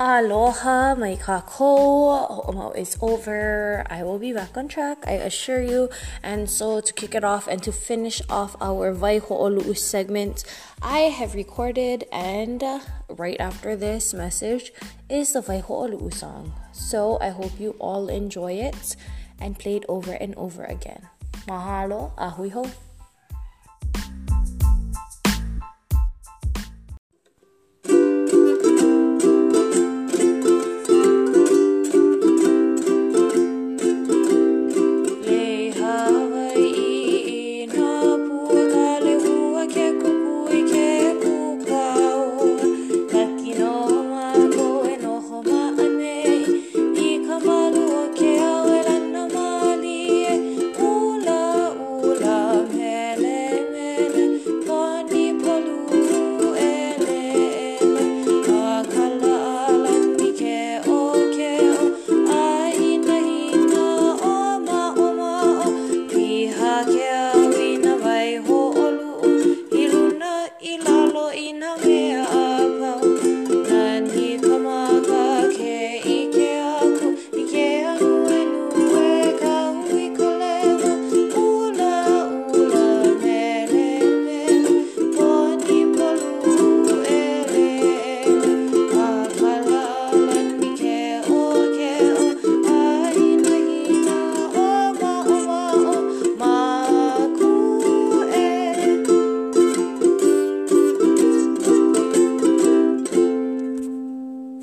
Aloha, my kako is over. I will be back on track, I assure you. And so, to kick it off and to finish off our Vai Ho'olu'u segment, I have recorded, and uh, right after this message is the Vai Ho'olu'u song. So, I hope you all enjoy it and play it over and over again. Mahalo, ahui ilalo ina me